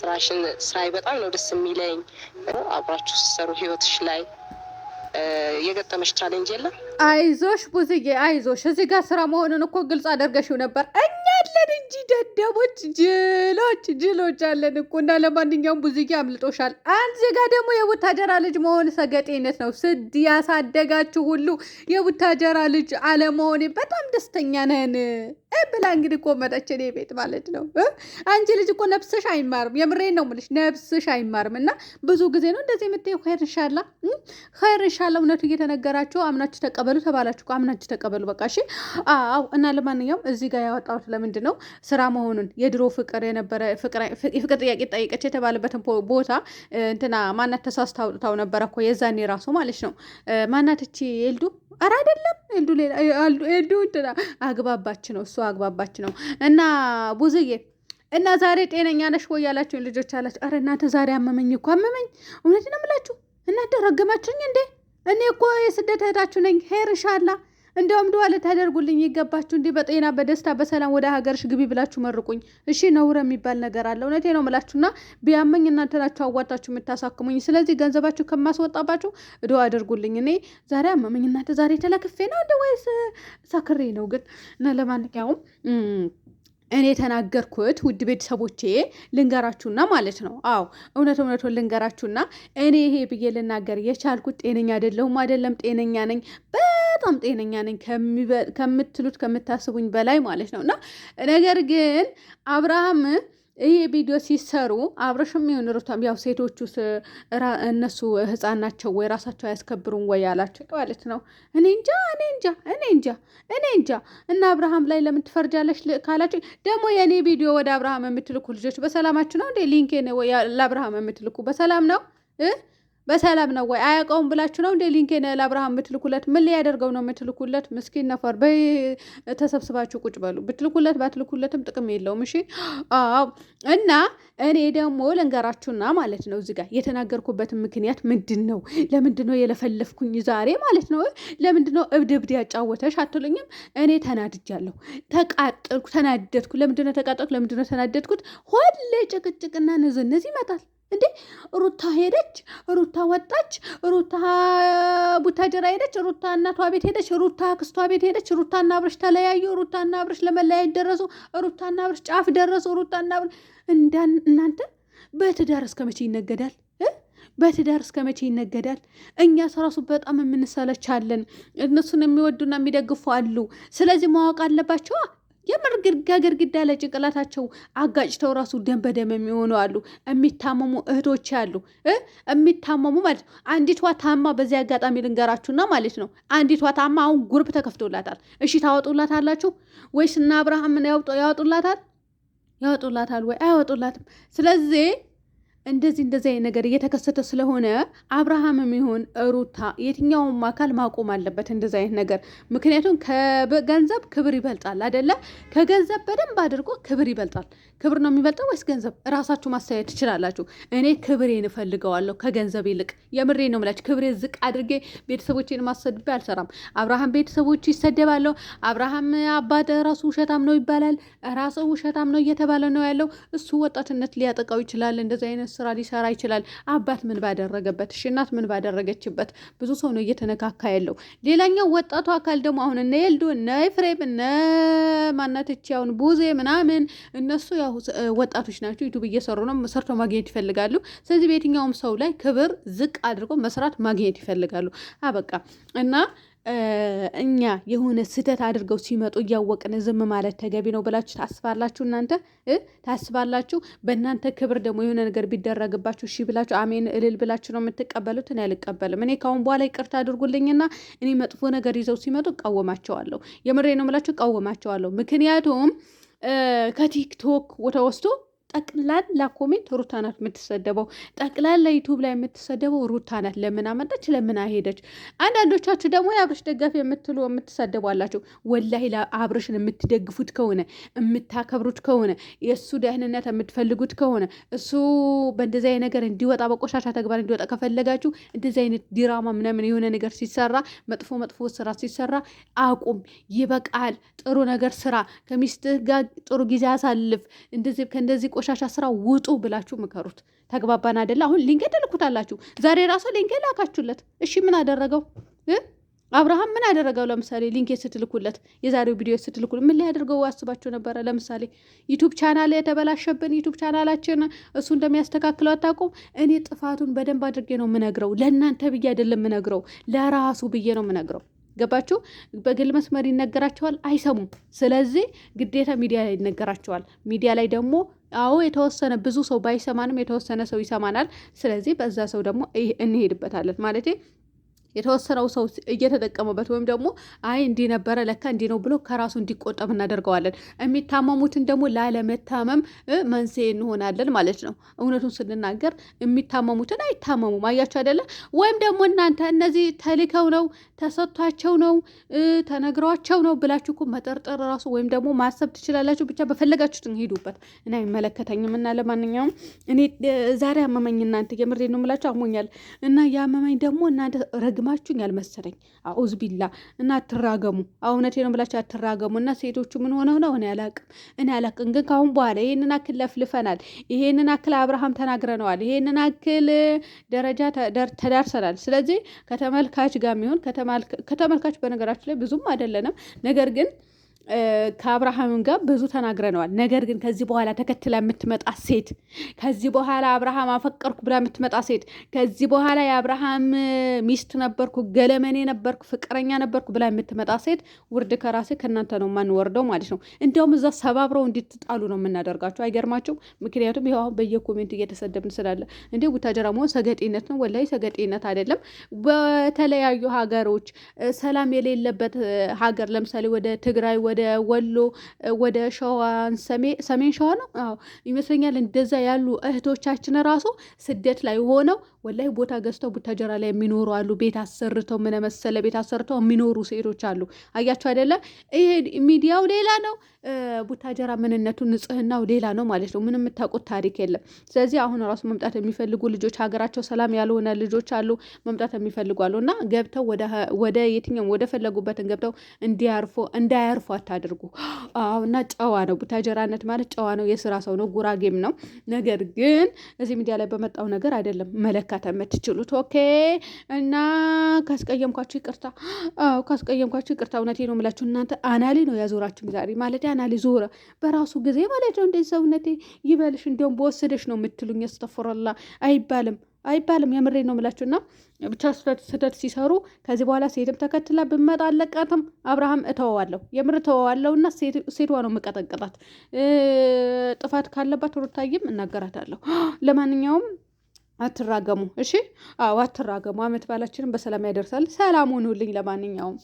ስራሽን ስራዬ በጣም ነው ደስ የሚለኝ። አብራችሁ ስትሰሩ ህይወትሽ ላይ የገጠመሽ ቻሌንጅ የለም? አይዞሽ ቡዝዬ አይዞሽ። እዚህ ጋር ስራ መሆኑን እኮ ግልጽ አደርገሽው ነበር። እኛ አለን እንጂ ደደቦች፣ ጅሎች፣ ጅሎች አለን እኮ እና ለማንኛውም ቡዝዬ አምልጦሻል። እዚህ ጋር ደግሞ የቡታጀራ ልጅ መሆን ሰገጤነት ነው። ስድ ያሳደጋችሁ ሁሉ የቡታጀራ ልጅ አለመሆኔ በጣም ደስተኛ ነን። ብላ እንግዲህ ኮመደች እኔ ቤት ማለት ነው። አንቺ ልጅ እኮ ነብስሽ አይማርም። የምሬን ነው የምልሽ፣ ነብስሽ አይማርም። እና ብዙ ጊዜ ነው እንደዚህ የምትይው። ኸይር እንሻላ፣ ኸይር እንሻላ። እውነቱ እየተነገራችሁ አምናችሁ ተቀበሉ ተባላችሁ፣ አምናችሁ ተቀበሉ። በቃ እሺ። አዎ። እና ለማንኛውም እዚህ ጋር ያወጣሁት ለምንድን ነው ስራ መሆኑን የድሮ ፍቅር የነበረ የፍቅር ጥያቄ ጠይቀች የተባለበትን ቦታ እንትና ማናት ተሳስታ አውጥታው ነበረ እኮ የዛኔ ራሱ ማለት ነው። ማናት እቺ የልዱ አረ አይደለም ኤልዱ ሌላ ኤልዱ አግባባች ነው እሱ አግባባች ነው። እና ቡዝዬ እና ዛሬ ጤነኛ ነሽ ወይ ያላችሁኝ ልጆች አላችሁ። አረ እናንተ ዛሬ አመመኝ እኮ አመመኝ። እውነት ነው የምላችሁ እናንተ ረገማችሁኝ እንዴ? እኔ እኮ የስደት እህታችሁ ነኝ። ሄርሻላ እንደውም ድዋ ልታደርጉልኝ ይገባችሁ እንዲህ በጤና በደስታ በሰላም ወደ ሀገርሽ ግቢ ብላችሁ መርቁኝ። እሺ ነውር የሚባል ነገር አለ። እውነቴ ነው ምላችሁና ቢያመኝ እናንተ ናችሁ አዋጣችሁ የምታሳክሙኝ። ስለዚህ ገንዘባችሁ ከማስወጣባችሁ ድዋ አድርጉልኝ። እኔ ዛሬ አመመኝ እናንተ ዛሬ ተለክፌ ነው እንደ ወይስ ሳክሬ ነው ግን እና ለማንኛውም እኔ የተናገርኩት ውድ ቤተሰቦቼ ልንገራችሁና ማለት ነው። አዎ እውነት እውነቱን ልንገራችሁና እኔ ይሄ ብዬ ልናገር የቻልኩት ጤነኛ አይደለሁም አይደለም፣ ጤነኛ ነኝ በጣም ጤነኛ ነኝ ከምትሉት ከምታስቡኝ በላይ ማለት ነው። እና ነገር ግን አብርሃም ይህ ቪዲዮ ሲሰሩ አብረሽም ይሁን ሩታም ያው ሴቶቹ እነሱ ህፃን ናቸው ወይ ራሳቸው አያስከብሩም ወይ ያላቸው ማለት ነው። እኔ እንጃ እኔ እንጃ እኔ እንጃ እኔ እንጃ። እና አብርሃም ላይ ለምን ትፈርጃለሽ ካላችሁ ደግሞ የእኔ ቪዲዮ ወደ አብርሃም የምትልኩ ልጆች በሰላማችሁ ነው እንዴ? ሊንኬን ለአብርሃም የምትልኩ በሰላም ነው? በሰላም ነው ወይ አያውቀውም ብላችሁ ነው እንደ ሊንኬን ለአብርሃም የምትልኩለት? ምን ሊያደርገው ነው የምትልኩለት? ምስኪን ነፈር በይ ተሰብስባችሁ ቁጭ በሉ። ብትልኩለት ባትልኩለትም ጥቅም የለውም። እሺ አዎ። እና እኔ ደግሞ ልንገራችሁና ማለት ነው እዚህ ጋር የተናገርኩበት ምክንያት ምንድን ነው? ለምንድን ነው የለፈለፍኩኝ ዛሬ ማለት ነው? ለምንድን ነው እብድ እብድ ያጫወተሽ አትሉኝም? እኔ ተናድጃለሁ፣ ተቃጠልኩ፣ ተናደድኩ። ለምንድን ነው ተቃጠልኩ? ለምንድን ነው ተናደድኩት? ሁሌ ጭቅጭቅና ንዝንዝ ይመጣል። እንዴ ሩታ ሄደች፣ ሩታ ወጣች፣ ሩታ ቡታጀራ ሄደች፣ ሩታ እናቷ ቤት ሄደች፣ ሩታ አክስቷ ቤት ሄደች፣ ሩታና አብርሽ ተለያዩ፣ ሩታና አብርሽ ለመለያየት ደረሱ፣ ሩታና አብርሽ ጫፍ ደረሱ። ሩታና አብርሽ እናንተ በትዳር እስከ መቼ ይነገዳል? በትዳር እስከ መቼ ይነገዳል? እኛ ራሱ በጣም የምንሰለቻለን። እነሱን የሚወዱና የሚደግፉ አሉ። ስለዚህ ማወቅ አለባቸዋ የምር ግድግዳ ለጭንቅላታቸው አጋጭተው ራሱ ደም በደም የሚሆኑ አሉ። የሚታመሙ እህቶች አሉ። የሚታመሙ ማለት ነው። አንዲቷ ታማ፣ በዚህ አጋጣሚ ልንገራችሁና ማለት ነው። አንዲቷ ታማ አሁን ጉርብ ተከፍቶላታል። እሺ ታወጡላታላችሁ ወይስ እና አብርሃምን ያወጡላታል? ያወጡላታል ወይ? አያወጡላትም። ስለዚህ እንደዚህ እንደዚህ አይነት ነገር እየተከሰተ ስለሆነ አብርሃምም ይሁን ሩታ የትኛውም አካል ማቆም አለበት እንደዚህ አይነት ነገር። ምክንያቱም ከገንዘብ ክብር ይበልጣል አይደለ? ከገንዘብ በደንብ አድርጎ ክብር ይበልጣል። ክብር ነው የሚበልጠው ወይስ ገንዘብ? እራሳችሁ ማስተያየት ትችላላችሁ። እኔ ክብሬን እፈልገዋለሁ ከገንዘብ ይልቅ። የምሬ ነው የምላችሁ። ክብሬ ዝቅ አድርጌ ቤተሰቦቼን ማሰድቤ አልሰራም። አብርሃም ቤተሰቦቹ ይሰደባሉ። አብርሃም አባት ራሱ ውሸታም ነው ይባላል። ራሱ ውሸታም ነው እየተባለ ነው ያለው። እሱ ወጣትነት ሊያጠቃው ይችላል እንደዚህ አይነት ስራ ሊሰራ ይችላል። አባት ምን ባደረገበት፣ እሺ እናት ምን ባደረገችበት። ብዙ ሰው ነው እየተነካካ ያለው። ሌላኛው ወጣቱ አካል ደግሞ አሁን እነ የልዱ እነ ኤፍሬም እነ ማናትች አሁን ቡዜ ምናምን እነሱ ያው ወጣቶች ናቸው። ዩቱብ እየሰሩ ነው። ሰርተው ማግኘት ይፈልጋሉ። ስለዚህ በየትኛውም ሰው ላይ ክብር ዝቅ አድርጎ መስራት ማግኘት ይፈልጋሉ። አበቃ እና እኛ የሆነ ስህተት አድርገው ሲመጡ እያወቅን ዝም ማለት ተገቢ ነው ብላችሁ ታስባላችሁ? እናንተ ታስባላችሁ? በእናንተ ክብር ደግሞ የሆነ ነገር ቢደረግባችሁ እሺ ብላችሁ አሜን እልል ብላችሁ ነው የምትቀበሉት? እኔ አልቀበልም። እኔ ካሁን በኋላ ይቅርታ አድርጉልኝና እኔ መጥፎ ነገር ይዘው ሲመጡ እቃወማቸዋለሁ። የምሬ ነው ብላችሁ እቃወማቸዋለሁ። ምክንያቱም ከቲክቶክ ተወስቶ ጠቅላላ ኮሜንት ሩታ ናት የምትሰደበው። ጠቅላላ ዩቱብ ላይ የምትሰደበው ሩታ ናት። ለምን አመጣች? ለምን አሄደች? አንዳንዶቻችሁ ደግሞ የአብርሽ ደጋፊ የምትሉ የምትሰደቡ አላችሁ። ወላሂ አብርሽን የምትደግፉት ከሆነ የምታከብሩት ከሆነ የእሱ ደህንነት የምትፈልጉት ከሆነ እሱ በእንደዚ ነገር እንዲወጣ በቆሻሻ ተግባር እንዲወጣ ከፈለጋችሁ እንደዚ አይነት ዲራማ ምናምን የሆነ ነገር ሲሰራ መጥፎ መጥፎ ስራ ሲሰራ አቁም፣ ይበቃል። ጥሩ ነገር ስራ፣ ከሚስትህ ጋር ጥሩ ጊዜ አሳልፍ። እንደዚህ ከእንደዚህ የቆሻሻ ስራ ውጡ ብላችሁ ምከሩት። ተግባባን አይደለ? አሁን ሊንክ ተልኩታላችሁ። ዛሬ ራሱ ሊንክ ላካችሁለት። እሺ ምን አደረገው? አብርሃም ምን አደረገው? ለምሳሌ ሊንክ ስትልኩለት፣ የዛሬው ቪዲዮ ስትልኩለት ምን ሊያደርገው አስባችሁ ነበረ? ለምሳሌ ዩቱብ ቻናል የተበላሸብን ዩቱብ ቻናላችን እሱ እንደሚያስተካክለው አታውቁም። እኔ ጥፋቱን በደንብ አድርጌ ነው ምነግረው ለእናንተ ብዬ አይደለም ምነግረው ለራሱ ብዬ ነው ምነግረው? ገባችሁ? በግል መስመር ይነገራቸዋል፣ አይሰሙም። ስለዚህ ግዴታ ሚዲያ ላይ ይነገራቸዋል። ሚዲያ ላይ ደግሞ አዎ የተወሰነ ብዙ ሰው ባይሰማንም የተወሰነ ሰው ይሰማናል። ስለዚህ በዛ ሰው ደግሞ እንሄድበታለን ማለት የተወሰነው ሰው እየተጠቀመበት ወይም ደግሞ አይ እንዲህ ነበረ ለካ እንዲህ ነው ብሎ ከራሱ እንዲቆጠብ እናደርገዋለን። የሚታመሙትን ደግሞ ላለመታመም መንስኤ እንሆናለን ማለት ነው። እውነቱን ስንናገር የሚታመሙትን አይታመሙም። አያቸው አይደለ? ወይም ደግሞ እናንተ እነዚህ ተልከው ነው ተሰጥቷቸው ነው ተነግሯቸው ነው ብላችሁ እኮ መጠርጠር ራሱ ወይም ደግሞ ማሰብ ትችላላችሁ። ብቻ በፈለጋችሁትን ሄዱበት እና አይመለከተኝም እና ለማንኛውም እኔ ዛሬ አመመኝ እናንተ የምሬ ነው የምላችሁ አሞኛል እና ያመመኝ ደግሞ እናንተ ረግ ረግማችሁኝ ያልመሰለኝ። አዑዝ ቢላ እና አትራገሙ። እውነቴ ነው ብላችሁ አትራገሙ። እና ሴቶቹ ምን ሆነው ነው? እኔ አላቅም፣ እኔ አላቅም። ግን ካሁን በኋላ ይሄንን አክል ለፍልፈናል፣ ይሄንን አክል አብርሃም ተናግረነዋል፣ ይሄንን አክል ደረጃ ተዳርሰናል። ስለዚህ ከተመልካች ጋር የሚሆን ከተመልካች በነገራችሁ ላይ ብዙም አይደለንም ነገር ግን ከአብርሃም ጋር ብዙ ተናግረነዋል። ነገር ግን ከዚህ በኋላ ተከትላ የምትመጣ ሴት ከዚህ በኋላ አብርሃም አፈቀርኩ ብላ የምትመጣ ሴት ከዚህ በኋላ የአብርሃም ሚስት ነበርኩ፣ ገለመኔ ነበርኩ፣ ፍቅረኛ ነበርኩ ብላ የምትመጣ ሴት ውርድ ከራሴ ከእናንተ ነው የማንወርደው ማለት ነው። እንዲያውም እዛ ሰባብረው እንድትጣሉ ነው የምናደርጋቸው። አይገርማቸው? ምክንያቱም ይኸው አሁን በየኮሜንት እየተሰደብን ስላለ እንዲ ቡታጀራ መሆን ሰገጤነት ነው። ወላሂ ሰገጤነት አይደለም። በተለያዩ ሀገሮች ሰላም የሌለበት ሀገር ለምሳሌ ወደ ትግራይ ወደ ወሎ ወደ ሸዋ ሰሜን ሸዋ ነው አዎ ይመስለኛል። እንደዛ ያሉ እህቶቻችን ራሱ ስደት ላይ ሆነው ወላይ ቦታ ገዝተው ቡታጀራ ላይ የሚኖሩ አሉ። ቤት አሰርተው ምን መሰለ ቤት አሰርተው የሚኖሩ ሴቶች አሉ። አያቸው አይደለም? ይሄ ሚዲያው ሌላ ነው፣ ቡታጀራ ምንነቱ ንጽህናው ሌላ ነው ማለት ነው። ምንም የምታውቁት ታሪክ የለም። ስለዚህ አሁን ራሱ መምጣት የሚፈልጉ ልጆች ሀገራቸው ሰላም ያልሆነ ልጆች አሉ፣ መምጣት የሚፈልጉ አሉ እና ገብተው ወደ የትኛውም ወደ ፈለጉበትን ገብተው እንዲያርፎ እንዳያርፏ አታድርጉ። እና ጨዋ ነው። ቡታጀራነት ማለት ጨዋ ነው፣ የስራ ሰው ነው፣ ጉራጌም ነው። ነገር ግን እዚህ ሚዲያ ላይ በመጣው ነገር አይደለም መለካት የምትችሉት። ኦኬ እና ካስቀየምኳችሁ ይቅርታ፣ አዎ ካስቀየምኳችሁ ይቅርታ። እውነቴ ነው የምላችሁ እናንተ አናሊ ነው ያዞራችሁ ዛሬ ማለት አናሊ ዞረ በራሱ ጊዜ ማለት ነው። እንደዚህ ሰውነቴ ይበልሽ፣ እንዲሁም በወሰደሽ ነው የምትሉኝ። ያስተፈረላ አይባልም። አይባልም። የምሬ ነው የምላችሁ። እና ብቻ ስህተት ሲሰሩ ከዚህ በኋላ ሴትም ተከትላ ብመጣ አለቃትም አብርሃም እተወዋለሁ፣ የምር እተወዋለሁ። እና ሴቷ ነው የምቀጠቅጣት። ጥፋት ካለባት ሩታዬም እናገራታለሁ። ለማንኛውም አትራገሙ፣ እሺ? አዎ አትራገሙ። አመት ባላችንም በሰላም ያደርሳል። ሰላም ሁኑልኝ። ለማንኛውም